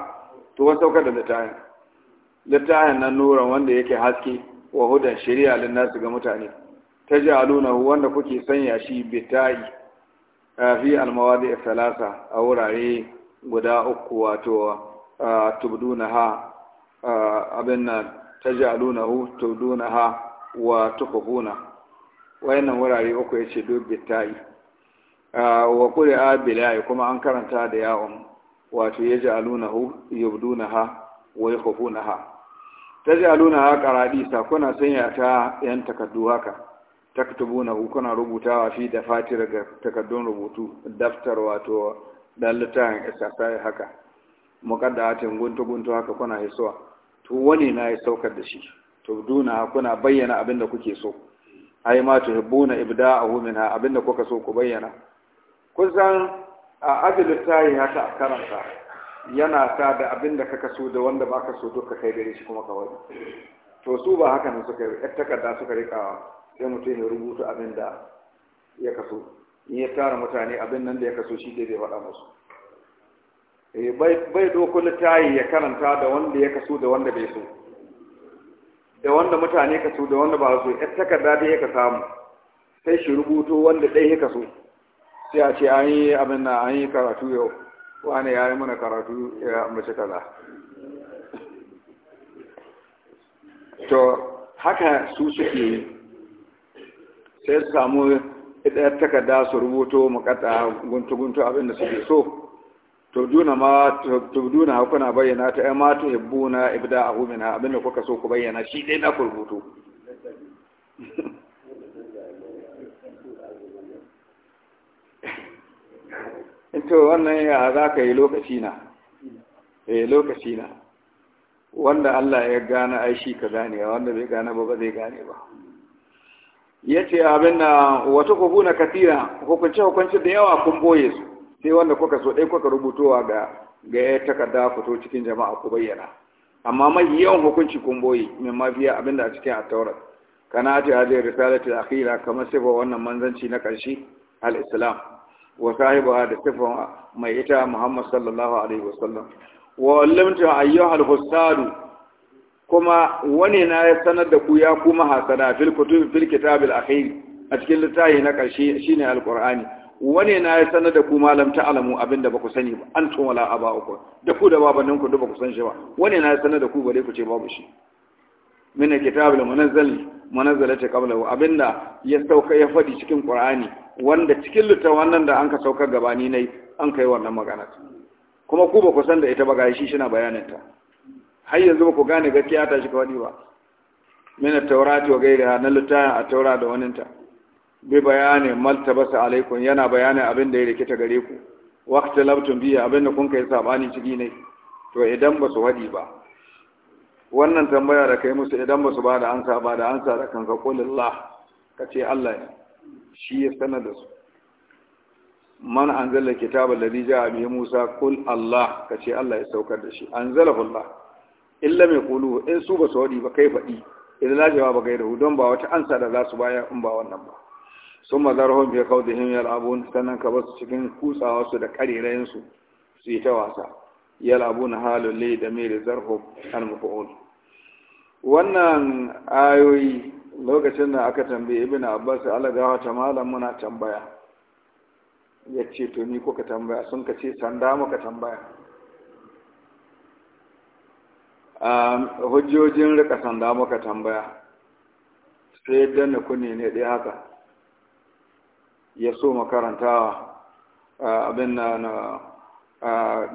to wa saukar da littafin littafin nan nura wanda yake haske wa hudan shari'a lin nasu ga mutane Ta taj'alunahu wanda kuke sanya shi bitai fi almawadi thalatha a wurare guda uku wato tubdunaha abin nan tajalunahu tubdunaha wa tukhuna wayannan wurare uku yace dubbi ta'i wa a bila'i kuma an karanta da yawon, wato yaj'alunahu yubdunaha wa yakhufunaha tajalunaha sa kuna sanya ta yan takaddu haka taktubuna kuna rubutawa fi dafatir ga takaddun rubutu daftar wato dan littafin haka hatin guntu guntu haka kuna hisuwa to wani na ya saukar da shi to duna kuna bayyana abinda kuke so ai ma tuhibbuna ibda'ahu minha abin da kuka so ku bayyana kun san a ajalin tayi haka a karanta yana sa da abin da kaka so da wanda ba ka so duka kai gare shi kuma kawai to su ba haka nan suka yi takarda suka rika sai mutum ya rubuta abin ya kaso in ya tara mutane abin nan da ya kaso shi dai zai faɗa musu Eh, bai doko littayi ya karanta da wanda ya kaso da wanda bai so da wanda mutane ka so da wanda ba so yar takarda dai ya ka samu sai shi rubuto wanda ɗaya ya kaso sai a ce an yi abin na an yi karatu yau wani ya yi mana karatu ya mace kaza to haka su suke yi sai su samu ɗaya takarda su rubuto mu makata guntu-guntu abin da suke so tubduna ma tubduna kuna bayyana ta ai ma tuhibbuna ibda'ahu minha abinda kuka so ku bayyana shi dai na kurbutu to wannan ya za ka yi lokaci na eh lokaci na wanda Allah ya gane ai shi ka gane wanda bai gane ba ba zai gane ba yace abin na wata kubuna katira hukunce hukunce da yawa kun boye su sai wanda kuka so ɗai kuka rubutowa ga ga ya takarda fito cikin jama'a ku bayyana amma mai yawan hukunci kun boye min mafiya abinda a cikin at-taurat kana ta hadi risalatul akhira kamar sifa wannan manzanci na karshe al-islam wa sahibiha da sifa mai ita muhammad sallallahu alaihi wasallam wa ayyuha al husadu kuma wani na ya sanar da ku ya kuma hasada fil kutub fil kitabil akhir a cikin littafi na karshe shine al-qur'ani wane na ya sanar da ku malam ta alamu abinda ba ku sani ba an tun wala aba uku da ku da babannin ku da ba ku san shi ba wane na ya sanar da ku bare ku ce babu shi min kitabul munazzal munazzalati qabla abinda ya sauka ya fadi cikin qur'ani wanda cikin littafin nan da an ka sauka gabani nai an kai wannan magana kuma ku ba ku san da ita ba ga shi shi na bayanin ta har yanzu ba ku gane gaskiya ta shi ka wadi ba min at-taurati wa ghayriha na littafin at-taura da waninta bi bayani maltabasa alaikum yana bayanin abin da ya rikita gare ku Waqti labtum bi abin da kun kai sabani ciki ne to idan ba su wadi ba wannan tambaya da kai musu idan ba su ba da ansa ba da ansa da kanka qulillah ka ce Allah ne shi ya sanar da su man anzala kitaba alladhi ja'a bi Musa qul Allah ka ce Allah ya saukar da shi anzalahu Allah illa mai Kulu, in su ba su wadi ba kai fadi idan la jawaba gairu don ba wata ansa da za su baya in ba wannan ba sun mazarhun fi kawdihim abun sannan ka basu cikin kutsawa su da karerayen su su yi ta wasa abu na li da mere zarfo al mafu'ul wannan ayoyi lokacin da aka tambaye ibn abbas alagawa ta malam muna tambaya ya ce to ni kuka tambaya sun ka ce sanda muka tambaya hujjojin rika sanda muka tambaya sai na kuni ne ɗaya haka ya so makarantawa abin na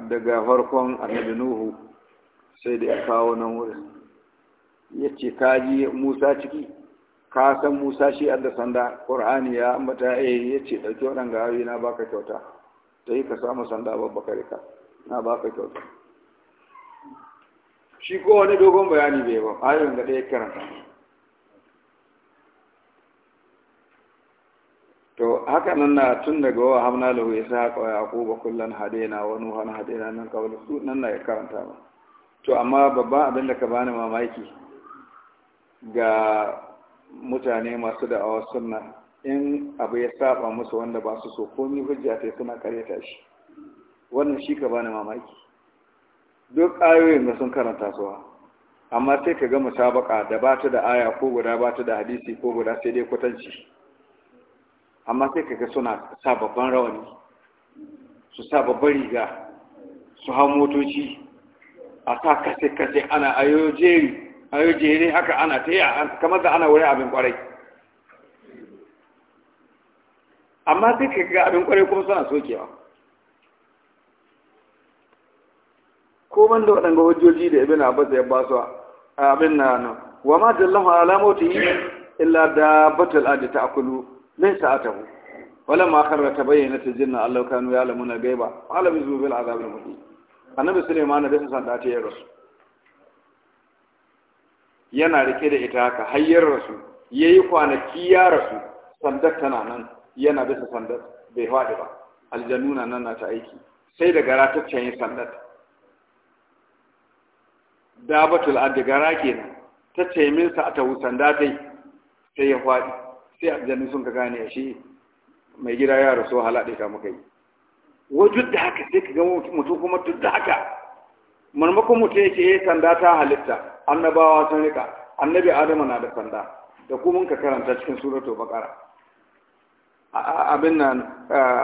daga farkon annabi nuhu sai da ya kawo nan wurin ya ce kaji musa ciki ka san musa shi adda sanda ƙur'ani ya ambata eh ya ce ɗauki waɗanga ayoyi na baka kyauta ta yi ka samu sanda babba karika na baka kyauta shi ko wani dogon bayani bai ba ayoyin da ɗaya karanta to haka nan na tun daga wa hamna lahu ishaq wa yaquba kullan hadaina wa nuhan hadaina nan kawai su nan na ya karanta ba to amma babban abin da ka bani mamaki ga mutane masu da awa sunna in abu ya saba musu wanda ba su so komi hujja ta suna kareta shi wannan shi ka bani mamaki duk ayoyin da sun karanta su amma sai ka ga musabaka da ba ta da aya ko guda ba ta da hadisi ko guda sai dai kwatanci amma sai kaga suna sa babban rawani su sa babban riga su hau motoci a sa kase-kase ana ayo jeri haka ana ta yi a kamar da ana wuri abin kwarai amma sai kaga abin kwarai kuma suna sokewa ko ban da waɗanda hujjoji da ibina ba ya yabba su abin na nan wa ma jallon ala mawtihi illa da batul adi akulu lai sa'atahu wala ma ta bayyana ta tajinna allahu kanu ya ya'lamuna ghaiba qala bi zubil azab al muqim annabi sulaiman da san da ta yi rasu yana rike da ita haka hayyar rasu yayi kwanaki ya rasu sandar tana nan yana bisa sandar bai faɗi ba aljannuna nan na ta aiki sai da gara ta canye sandar dabatul gara kenan ta ce min sa ta wusanda sai ya faɗi sai aljannu sun ka gane shi mai gida ya rasu wahala ɗai ta muka yi wajen da haka sai ka gama mutum kuma duk da haka marmakon mutu yake yi sanda ta halitta annabawa sun rika annabi adama na da sanda da kuma ka karanta cikin suratul bakara abin nan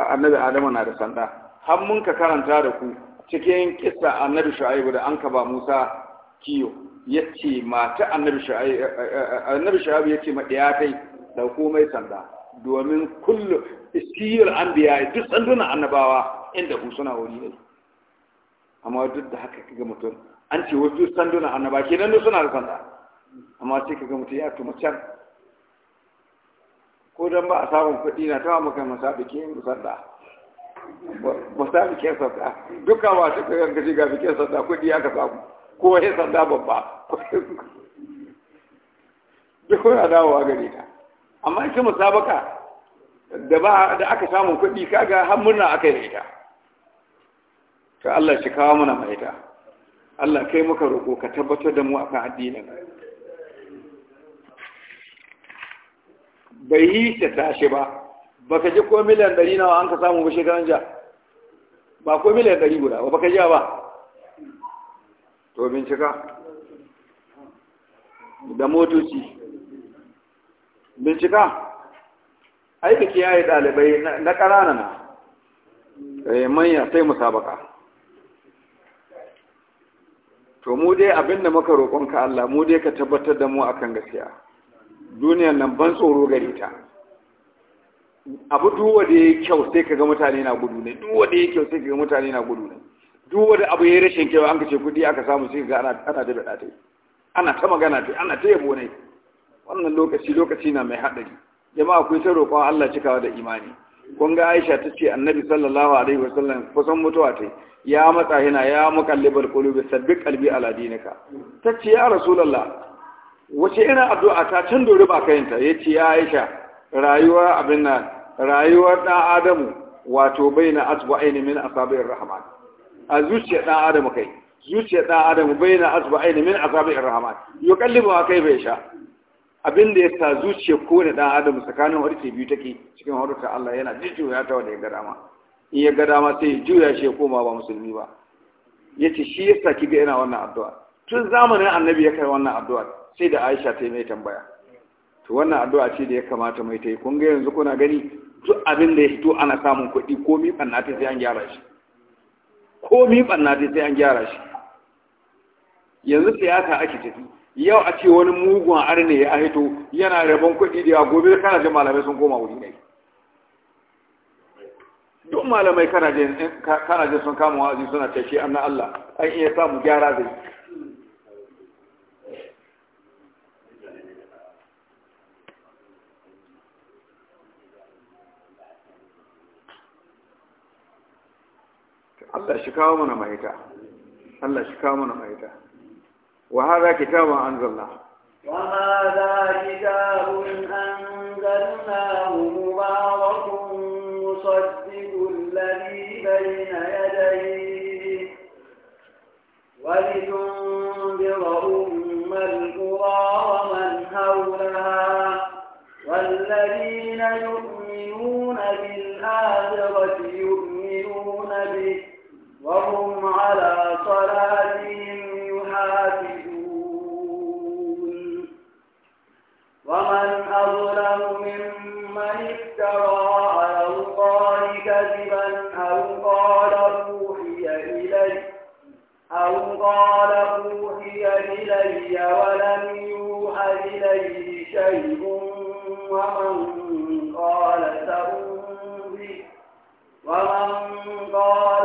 annabi adama na da sanda har mun ka karanta da ku cikin kisa annabi shu'aibu da an ka ba musa kiyo yace mata annabi shu'aibu annabi shu'aibu yace ma diyatai dauko mai sanda domin kullu an biya duk sandunan annabawa inda ku suna wuri ne amma duk da haka kaga mutum an ce wasu sandunan annaba kenan duk suna da sanda amma sai kaga mutum ya tuma can ko dan ba a samun kuɗi na ta maka masabike musalla masabiken sanda duka ba ta kaga gaji ga bikin sanda kuɗi aka samu ko wani sanda babba [laughs] duk wani adawa gari ta amma ita musabaka da ba da aka samu kuɗi kaga har murna aka yi ita ka Allah shi kawo mana mai ita Allah kai muka roƙo ka tabbatar da mu a kan addinin bai yi ta tashi ba baka ji ko miliyan ɗari nawa an ka samu ba shekaran ja ba ko miliyan ɗari guda ba baka ja ba to bincika da motoci bincika aiki kiyaye ɗalibai na ƙanana eh, manya sai mu sabaka to mu dai abinda muka roƙonka Allah mu dai ka tabbatar da mu akan gaskiya duniyar nan ban tsoro gare ta abu duwa da ya kyau sai ka ga mutane na gudu ne duwa da ya kyau sai ka ga mutane na gudu ne duwa da abu ya yi rashin kyau an ka ce kudi aka samu sai ga ana ana ta ana ta magana ta ana ta yabo ne wannan lokaci lokaci na mai haɗari jama'a ku ta roƙon Allah cikawa da imani kun ga Aisha ta ce Annabi sallallahu alaihi wasallam kusan mutuwa ta ya matsa hina ya muqallibal bi sabbi qalbi ala dinika ta ce ya rasulallah wace irin addu'a ta can dore ba ka yace ya ce Aisha rayuwar abin nan rayuwar ɗan Adamu wato baina aini min asabi'ir rahman a zuciyar ɗan Adamu kai zuciyar ɗan adamu bai na asba aini min asabi rahman yuqallibu kai bai sha abin da ya sa zuciya da ɗan adam tsakanin harshe biyu take cikin haruka Allah yana jujjuya ta wanda ya ga in ya ga sai ya juya shi ya koma ba musulmi ba yace shi yasa kiga yana wannan addu'a tun zamanin annabi ya kai wannan addu'a sai da Aisha ta yi mai tambaya to wannan addu'a ce da ya kamata mai ta yi kun ga yanzu kuna gani duk abin da ya fito ana samun kuɗi ko mi banna sai an gyara shi ko sai an gyara shi yanzu siyasa ake tafi yau a ce wani mugun arne ya haito yana rabon kuɗi da gobe kana jin malamai sun koma wuri ne duk malamai eh, kana jin sun kama wa'azi suna ce shi an na Allah an iya samu gyara zai Allah shi kawo mana mahita Allah shi kawo mana mahita وهذا كتاب أنزلناه وهذا كتاب أنزلناه مبارك مصدق الذي بين يديه ولتنذر أم القرى ومن حولها والذين يؤمنون بالآخرة يؤمنون به وهم على صلاة ومن أظلم ممن افترى على الله كذبا أو قال أوحي إلي أو قال أوحي إلي ولم يوحى إليه شيء ومن قال سأنزل ومن قال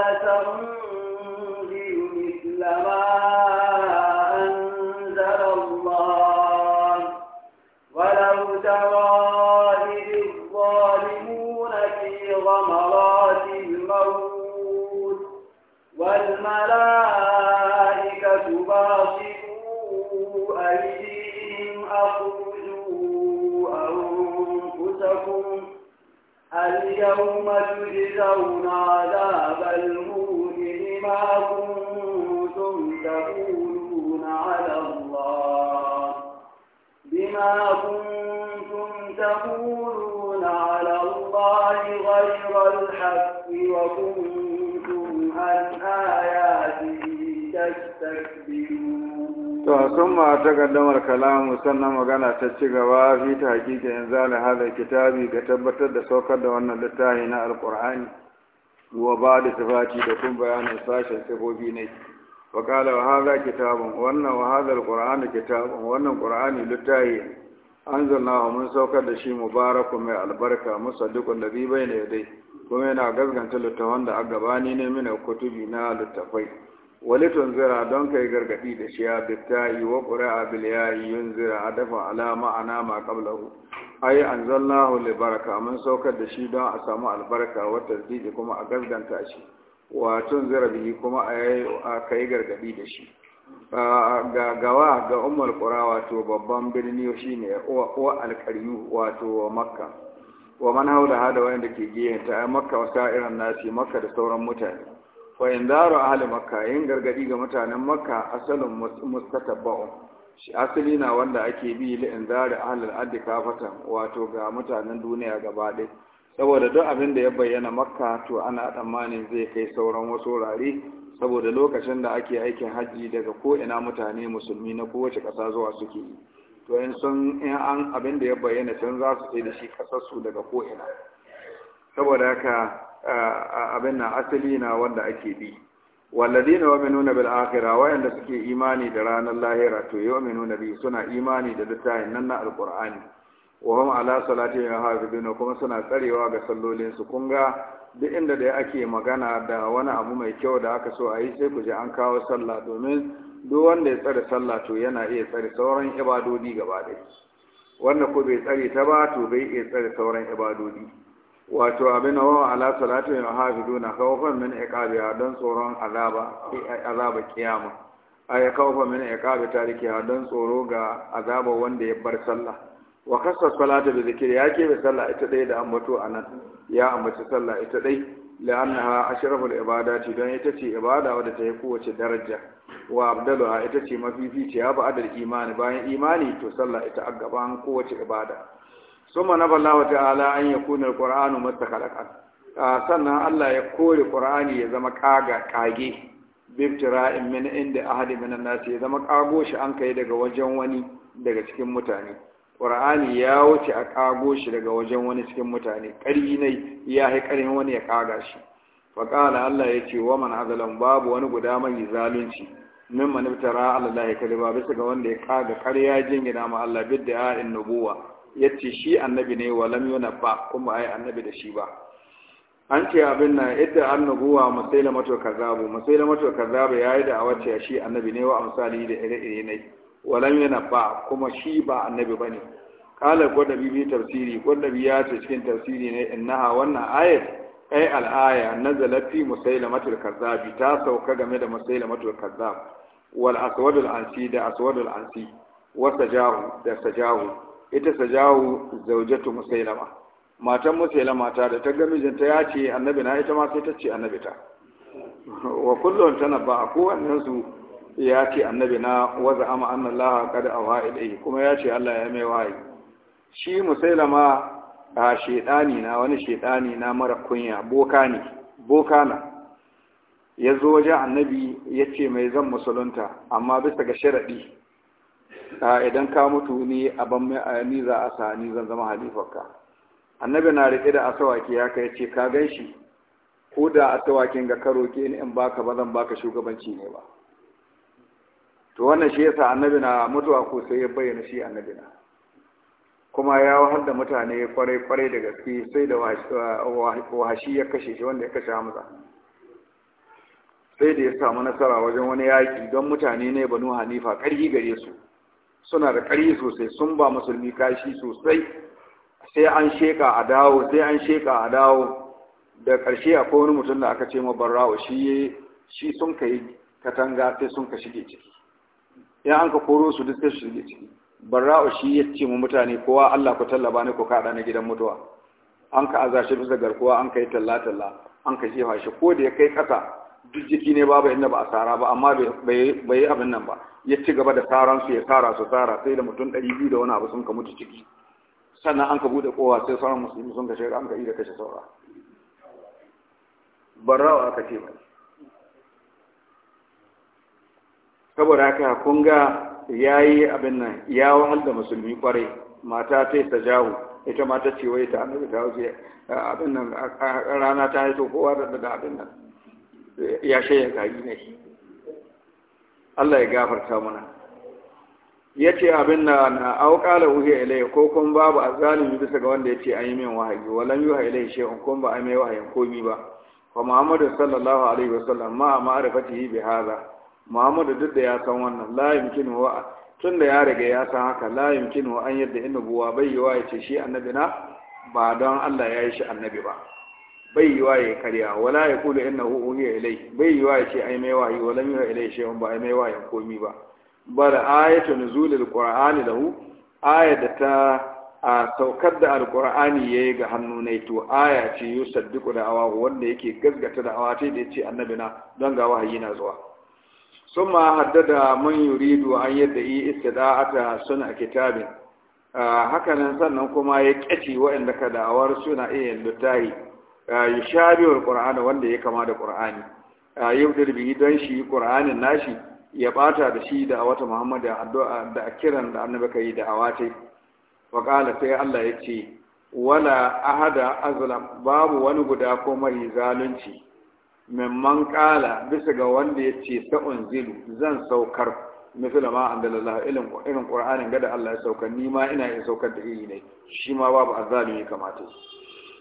sun ma takaddamar kalamu sannan magana ta ci gaba fi ta hakika in zala kitabi ga tabbatar da saukar da wannan littafi na alkur'ani wa ba da sifati da kun bayanin sashen sifofi ne wa kala wa wannan wa hada alkur'ani wannan qur'ani littafi anzalnahu mun saukar da shi Mubaraku mai albarka musaddiqun da bi bayna yadai kuma yana gaskanta littafan da a gabani ne mina kutubi na littafai wali tunzira don kai gargadi da shi ya bittayi wa ƙuri'a bil yayi yunzira hadafa ala ma'ana ma qablahu ay anzalnahu li baraka mun saukar da shi don a samu albarka wa tasdidi kuma a gaskanta shi wa tunzira bihi kuma a kai gargadi da shi ga gawa ga Umar ƙura wato babban birni shine wa alqaryu wato makka wa man haula hada wanda ke giyan ta makka wa sa'iran nasi makka da sauran mutane fa indaru ahli makka yin gargadi ga mutanen makka asalun mustatabba'un shi asali na wanda ake bi li indaru ahli al-ardi kafatan wato ga mutanen duniya gaba ɗaya saboda duk abin da ya bayyana makka to ana tsammanin zai kai sauran wasu wurare saboda lokacin da ake aikin hajji daga ko'ina mutane musulmi na kowace ƙasa zuwa suke yi to in sun in an abin da ya bayyana can za su sai da shi ƙasarsu daga ko'ina saboda haka abin na asali na wanda ake bi na yu'minuna bil akhirah wayanda suke imani da ranar lahira to yu'minuna bi suna imani da littafin nan na alqur'ani wa hum ala salatihim hafizuna kuma suna tsarewa ga sallolin su kun ga duk inda da ake magana da wani abu mai kyau da aka so a yi sai ku an kawo sallah domin duk wanda ya tsare sallah to yana iya tsare sauran ibadodi gaba ɗaya wanda ko bai tsare ta ba to bai iya tsare sauran ibadodi wato abin wa ala salatu ya hafidu na kawafan min iqabiha don tsoron azaba azaba kiyama Ai kawafan min iqabi tarikiha don tsoro ga azaba wanda ya bar sallah wa kassa salatu bi Zikiri ya ke bi sallah ita dai da ambato anan ya ambaci sallah ita dai la'annaha ibada ibadati don ita ce ibada wadda ta yi kowace daraja wa abdalu ita ce mafifi ya mafificiya ba'adar imani bayan imani to sallah ita a gaban kowace ibada Suma summa wa ta'ala an yakuna alqur'anu mustaqalakan sannan Allah ya kore qur'ani ya zama ƙage kage bibtira'in mini inda ahadi minan nasi ya zama ƙago shi an kai daga wajen wani daga cikin mutane qur'ani ya wuce a kago shi daga wajen wani cikin mutane ƙari ne ya yi ƙarin wani ya kaga shi faƙala Allah ya ce wa man azalan babu wani guda mai zalunci min man ibtara ala bisa ga wanda ya kaga ƙarya jingina ma Allah bidda in nubuwa yace ce shi annabi ne wa lam yuna ba kuma ai annabi da shi ba an ce abin nan idda annabuwa mato kazabu mato kazabu yayi da awace shi annabi ne wa amsali da ire-ire ne wa lam yuna ba kuma shi ba annabi bane kala gwadabi bibi tafsiri gwadabi ya ce cikin tafsiri ne innaha wannan ayat ai al'aya nazala fi mato kazabi ta sauka game da mato kazabu wal aswadul ansi da aswadul ansi wa sajahu da sajahu ita jawo zaujatu musailama matan musailama ta da ta ga mijinta ya ce annabi na ita ma sai ta ce annabi ta wa kullum tana ba a kowannen su ya ce annabi na waza ama annallaha qad awa ilayhi kuma ya Allah ya mai wahayi shi musailama a shedani na wani shedani na mara kunya boka ne boka ya zo wajen annabi ya ce mai zan musulunta amma bisa ga sharaɗi idan ka mutu ni a ban ni za a sa ni zan zama halifarka annabi na riƙe da asawaki ya kai ce ka gan shi ko da asawakin ga karo ke ni in baka ba zan baka shugabanci ne ba to wannan shi yasa annabi na mutuwa ko sai ya bayyana shi annabi na kuma ya wahar da mutane kwarai kwarai da gaske sai da wahashi ya kashe shi wanda ya kashe hamza sai da ya samu nasara wajen wani yaƙi don mutane ne banu hanifa ƙarfi gare su suna da ƙari sosai sun ba musulmi kashi sosai sai an sheka a dawo sai an sheka a dawo da ƙarshe a wani mutum da aka ce ma barra'u shi shi sun ka yi katanga sai sun ka shige ciki ya an ka koro su duk sai su shige ciki barra'u shi ya ce mu mutane kowa Allah ku tallaba ne ku kaɗa na gidan mutuwa an ka azashi bisa garkuwa an ka yi talla-talla an ka jefa shi ko da ya kai ƙasa duk jiki ne babu inda ba a tsara ba amma bai yi abin nan ba ya ci gaba da tsaron su ya tsara su tsara, sai da mutum ɗari biyu da wani abu sun ka mutu ciki sannan an ka buɗe kowa sai sauran musulmi sun ka shiga an ka yi da kashe saura barawa aka ce ba. saboda haka kun ga ya yi abin nan ya wahal da musulmi kwarai mata ta yi tajahu ita mata ce wai ta annabi ta wuce abin nan rana ta yi to kowa da abin nan ya shayin kari ne Allah ya gafarta mana ya ce abin da na auƙala wuhi ilai ko kun babu azalimi bisa ga wanda ya ce an yi min wahayi walan yuha ilai shehun kun ba a mai wahayin komi ba wa muhammadu sallallahu alaihi wasallam ma a ma'arifatihi bi haza muhammadu duk da ya san wannan la kin wa tun da ya riga ya san haka la wa an yadda inubuwa nubuwa bai yiwa ya ce shi annabi na ba don Allah ya yi shi annabi ba bai yi waye karya wala ya kulu hu uhiya ilai bai yi waye ce ai mai wayi wala mai ilai shi ba ai mai waye komi ba bar ayatu nuzulil qur'ani lahu aya da ta a saukar da alqur'ani yayi ga hannu ne to aya ce yusaddiqu da awa wanda yake gaskata da awa ta da yace annabi na don ga wahayi na zuwa summa haddada man yuridu an yadda yi istida'ata suna kitabin hakanan sannan kuma ya kace waɗanda ka da'awar suna iya littahi Eh, yushabihul ƙur'ani wanda ya kama da eh, yau da bihi don shi qur'anin nashi ya ɓata da shi da wata muhammad addu'a da a kiran da annabi yi da awate wa qala sai Allah ya ce wala ahada azlam babu wani guda ko mai zalunci memman ƙala bisa ga wanda ya ce sa'un zilu zan saukar misali ma ilin irin qur'anin gada Allah ya saukar ni ma ina iya saukar da iri ne shi ma babu azalimi kamata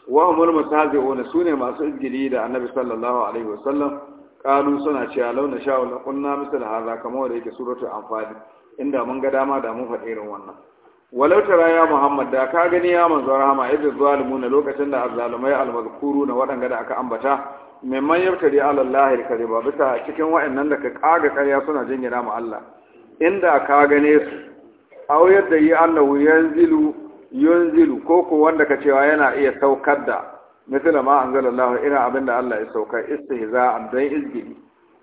wa humul mutazi'un sune masu izgili da annabi sallallahu alaihi wasallam kalu suna cewa launa sha'u la kunna da hadha kamar da yake suratul amfani, inda mun ga dama da mun faɗi irin wannan walau tara ya muhammad da ka gani ya manzon rahama idda na lokacin da azzalumai almazkuru na waɗanda da aka ambata memman yabtari ala allahi alkariba bisa cikin waɗannan da ka kaga karya suna jingina mu Allah inda ka gane su aw yadda yi annahu yanzilu yunzilu ko ko wanda ka cewa yana iya saukar da misala ma anzalallahu ina abin da Allah ya sauka istihza'an dan izgili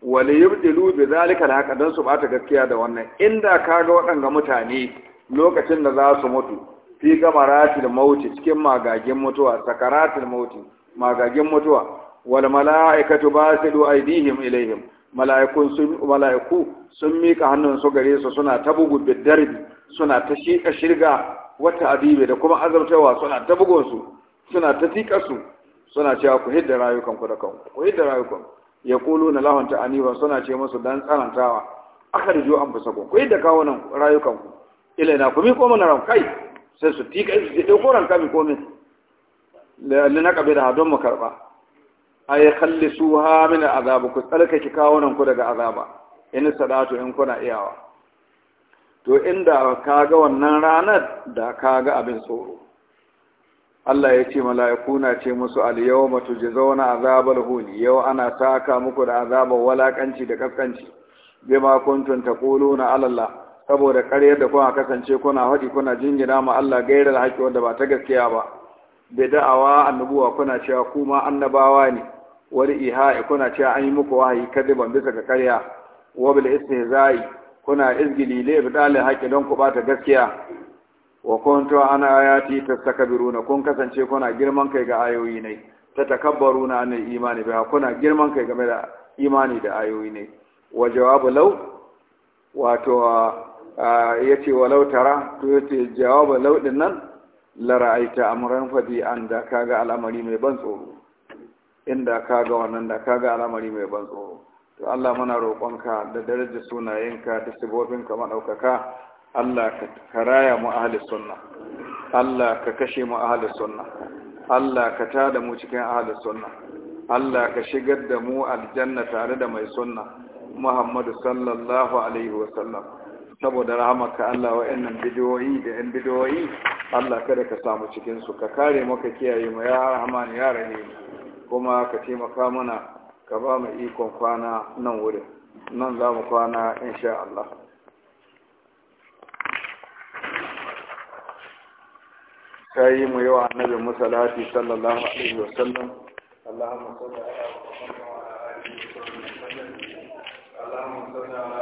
wal yubdilu bi zalika haka dan su bata gaskiya da wannan inda ga waɗanga mutane lokacin da za su mutu fi gamaratil mauti cikin magagin mutuwa sakaratil mauti magagin mutuwa wal mala'ikatu basidu aidihim ilaihim mala'ikun sun mala'iku sun mika hannun su gare su suna ta bugu bidarbi suna ta shirga wata adibe da kuma azabtawa suna ta su suna ta su, suna cewa ku hidda rayukanku da kanku ku hidda rayukan ya kulu na lahanta aniwa suna ce musu dan tsarantawa aka rijo an fusa ku hidda kawo nan rayukanku ila na ku mi ko mana ran kai sai su tika su ce ɗauko ranka mi ko min? na kabe da hadon mu karɓa ay khallisuha min azab ku tsarkake kawo nan ku daga azaba in sadatu in kuna iyawa to inda ka ga wannan ranar da ka ga abin tsoro Allah ya ce mala'iku na ce musu al-yau matu zauna azabar huni yau ana taka muku da azabar walakanci da kaskanci bai makuntun ta kolo na alallah saboda karyar da kuma kasance kuna haɗi kuna jingina ma Allah gairar haƙi wanda ba ta gaskiya ba da da'awa annabuwa kuna cewa kuma annabawa ne wani iha'i kuna cewa an yi muku wahayi kadiban bisa ga karya wabil istihza'i kuna izgili li ibdalil haqqi don ku bata gaskiya wa kuntu ana ayati tastakbiruna kun kasance kuna girman kai ga ayoyi ne tatakabbaruna an imani ba kuna girman kai game da imani da ayoyi ne wa jawabu law wato yace walau tara to yace jawabu law din nan la ra'aita amran fadi an da kaga al'amari mai ban tsoro inda kaga wannan da kaga al'amari mai ban tsoro to Allah muna roƙonka da daraja sunayenka da sibobinka maɗaukaka Allah ka raya mu ahli sunna Allah ka kashe mu ahli sunna Allah ka tada mu cikin ahli sunna Allah ka shigar da mu aljanna tare da mai sunna Muhammadu sallallahu alaihi wa sallam saboda rahamarka Allah wa'annan bidiyoyi da 'yan bidiyoyi Allah kada ka samu cikin su ka kare mu ka kiyaye mu ya rahman ya rahim kuma ka taimaka mana ka ba mu ikon kwana nan wurin nan za mu kwana insha Allah yi mu yi wa annabi musalati sallallahu alaihi wasallam اللهم صل على محمد وعلى اله وصحبه وسلم اللهم صل على